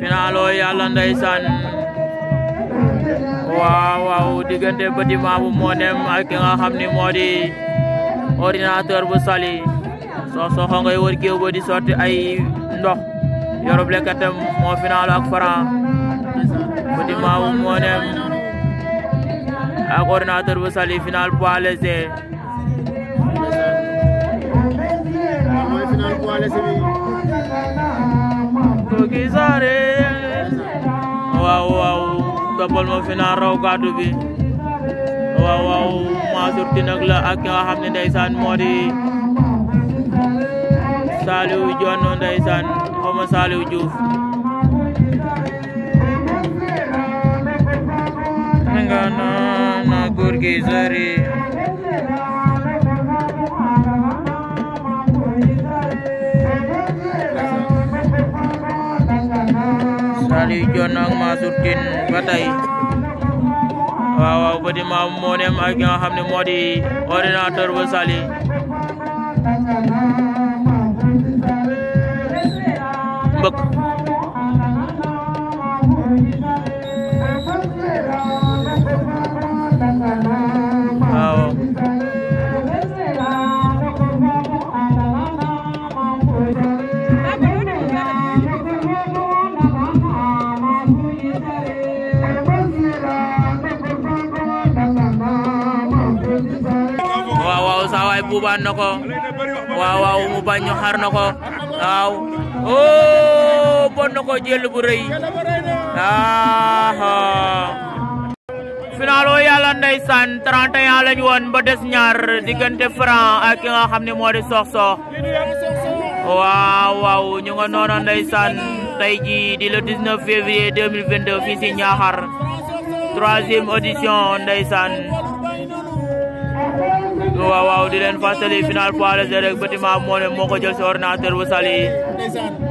finaaloo yàlla ndeysaan waaw waaw diggante bâtiment bu moonem ak ki nga xam ni moo di ordinateur bu sali sox soxo ngay wër géew ba di sotti ay ndox yorub lekkatam moo finaalo ak Franc bâtiment bu moonem ak ordinateur bu sali final poids léger mooy Kokisaare waaw waaw toppal ma final raw gàddu bi waaw waaw Mansour Tine nag la ak ki nga xam ne ndeysaan moo di Saliou Dione ndeysaan xaw ma Saliou Diouf nga na na góor gi sori di jono ak Mansour Tine ba tey waaw waaw Petit Maam moo dem ak nga xam ne moo di ordinateur bu Saly mbëkk buubaan nako ko waaw waaw mu bañ ñu xar na ko oh bon nako jël bu reuy aha finalo yalla ndaysan 31 ya lañ won ba dess ñaar digënté Franc ak nga xam ne moo di Sokh Sokh waaw waaw ñu nga noonu ndaysan tay ji di le 19 février 2022 fi ci ñaar 3e audition ndaysan taxaw di leen fàttali final poids léger rek bâtiment moo ko jël si ordinateur bu sali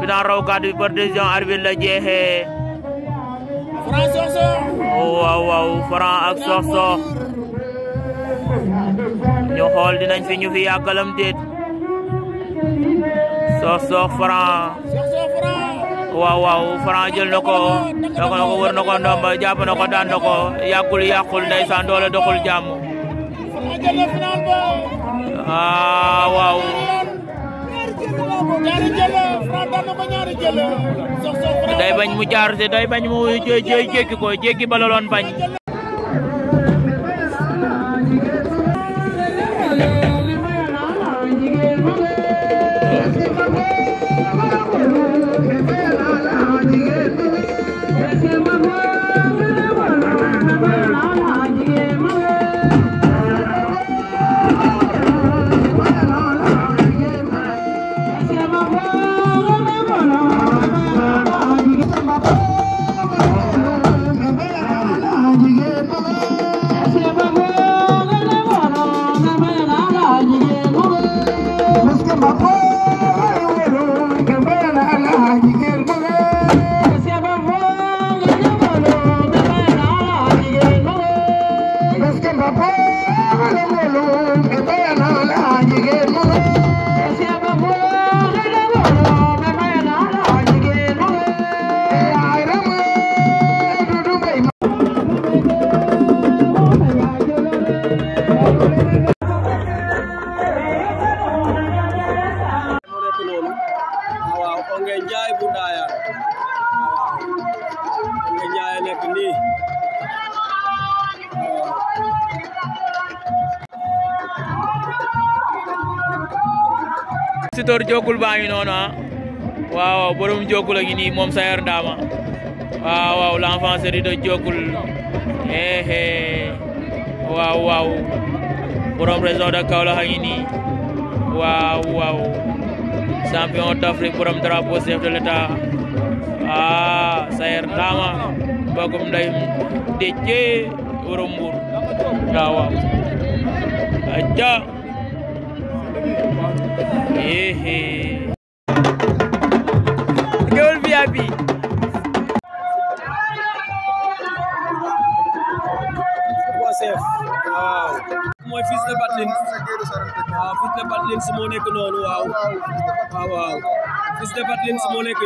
final raw kàddu bi par décision arbitre la jeexee oh, waaw waaw ak Sokh Sokh ñu xool dinañ fi ñu fi yàggalam déet Sokh Sokh Franc waaw waaw Franc jël na ko da ko na ko wër na ko daan na ko yàggul yàqul ndeysaan doole doxul ah waaw. day bañ mu jaar day bañ mu jéggi ko jéggi ba la doon bañ. door jokul baa ngi noonu ah. wow, waaw borom jokul a ni mom moom Sayer Dama waaw waaw l'enfant seri de jokul eh, eh waaw waaw borom région de Kaolack a wow wow, waaw waaw champion d'Afrique borom drapeau chef de l'État ah Sayer Dama bagum day déjjee borom Mbour waaw waaw aja Géwël VIP waaw mooy fils de Batlin waaw fils de Batlin si moo nekk noonu waaw waaw waaw fils de Batlin si moo nekk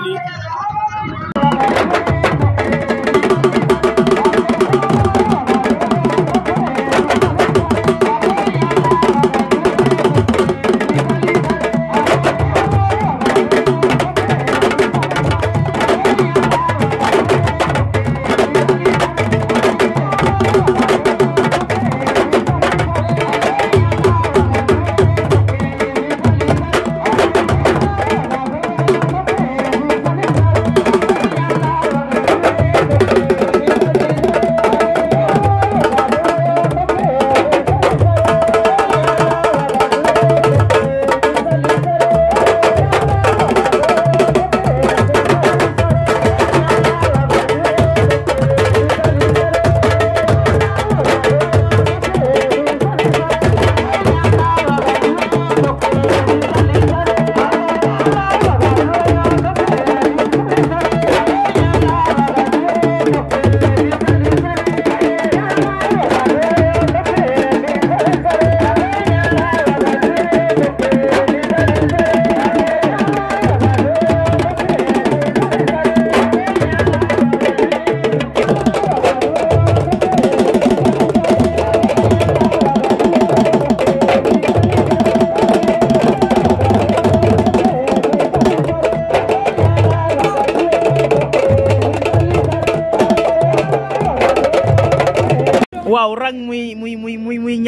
waaw rang muy muy muy muy muy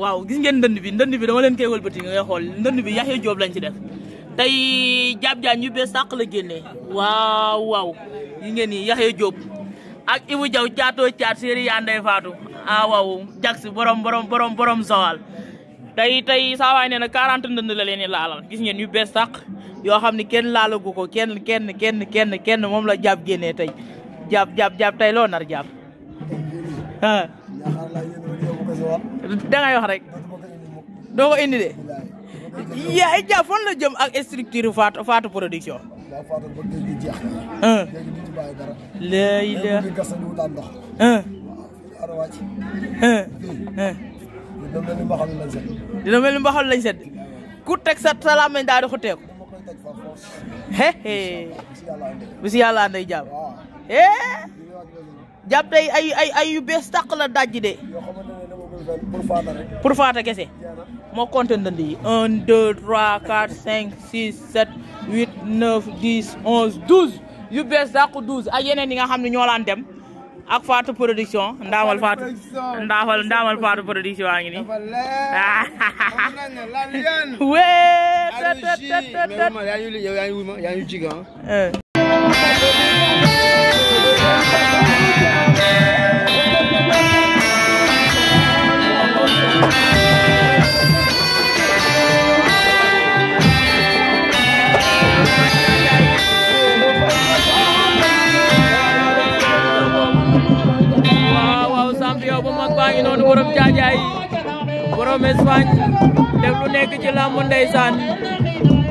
waaw gis ngeen ndënd bi ndënd bi dama leen koy wëlbati nga xool ndënd bi yaxee joob lañ ci def tey jaab-jaan ñu bees sàq la génnee waaw waaw yi ngeen yi ya joob ak Ibu Jaw caatoo caat séeri yaa ndey faatu ah waaw jax borom borom borom borom sowal tey tey saawaay nee na quarante ndënd la leen laalal gis ngeen yu bees sàq yoo xam ni kenn laalagu ko kenn kenn kenn kenn kenn moom la jàpp génnee tey jàpp jàpp jàpp tey loo nar jàpp da ngay wax rek doo ko indi de yaa i iya, jaa fan la jëm ak structure faatu faatu production léegi la di mel ni mbaxal lañ set ku teg sa salaam lañ daal di xuteeku he he bu si yàlla anday jaam eh jàpp tey ay ay ay yu bees tàq la dajji de. pour faata kese moo compté ndënd yi 1 2 3 4 5 6 7 8 9 10 11 12 yu bees dàq 12 ak yeneen yi nga xam ne ñoo laan dem ak Fatou production ndaamal Fatou ndaamal ndaamal production a ngi nii ah. wee tet tet tet tet borom Espagne def lu nekk ci làmb ndeysaan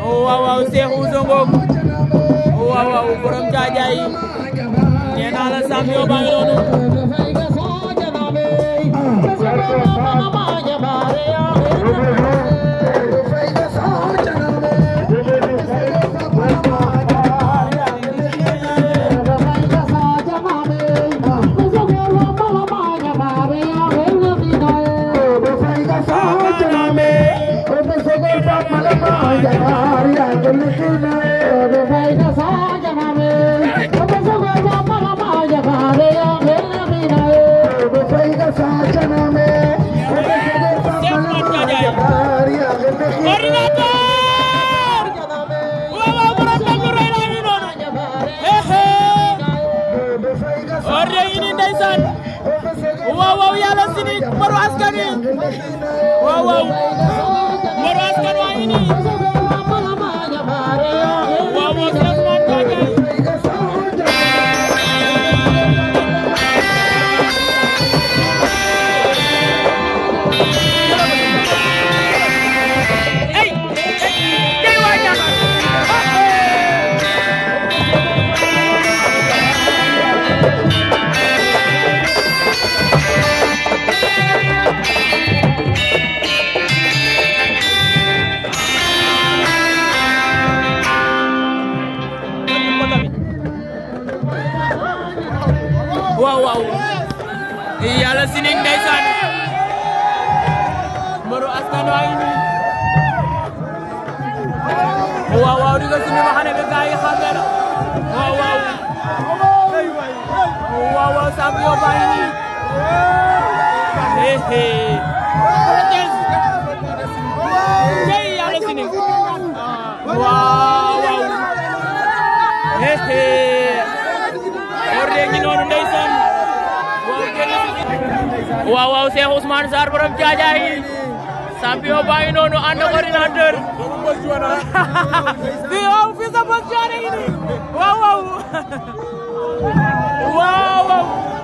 oh, waaw waaw Cheikh Ouzo Ngom oh, waaw borom jaajaay nee naa la champion baa noonu waaw waaw yàlla si nit mbaru askan wi waaw waaw mbaru askan waa ngi nii Sampai obain nono anda koordinator. Hahaha. boog joore yi nii waaw waaw waaw waaw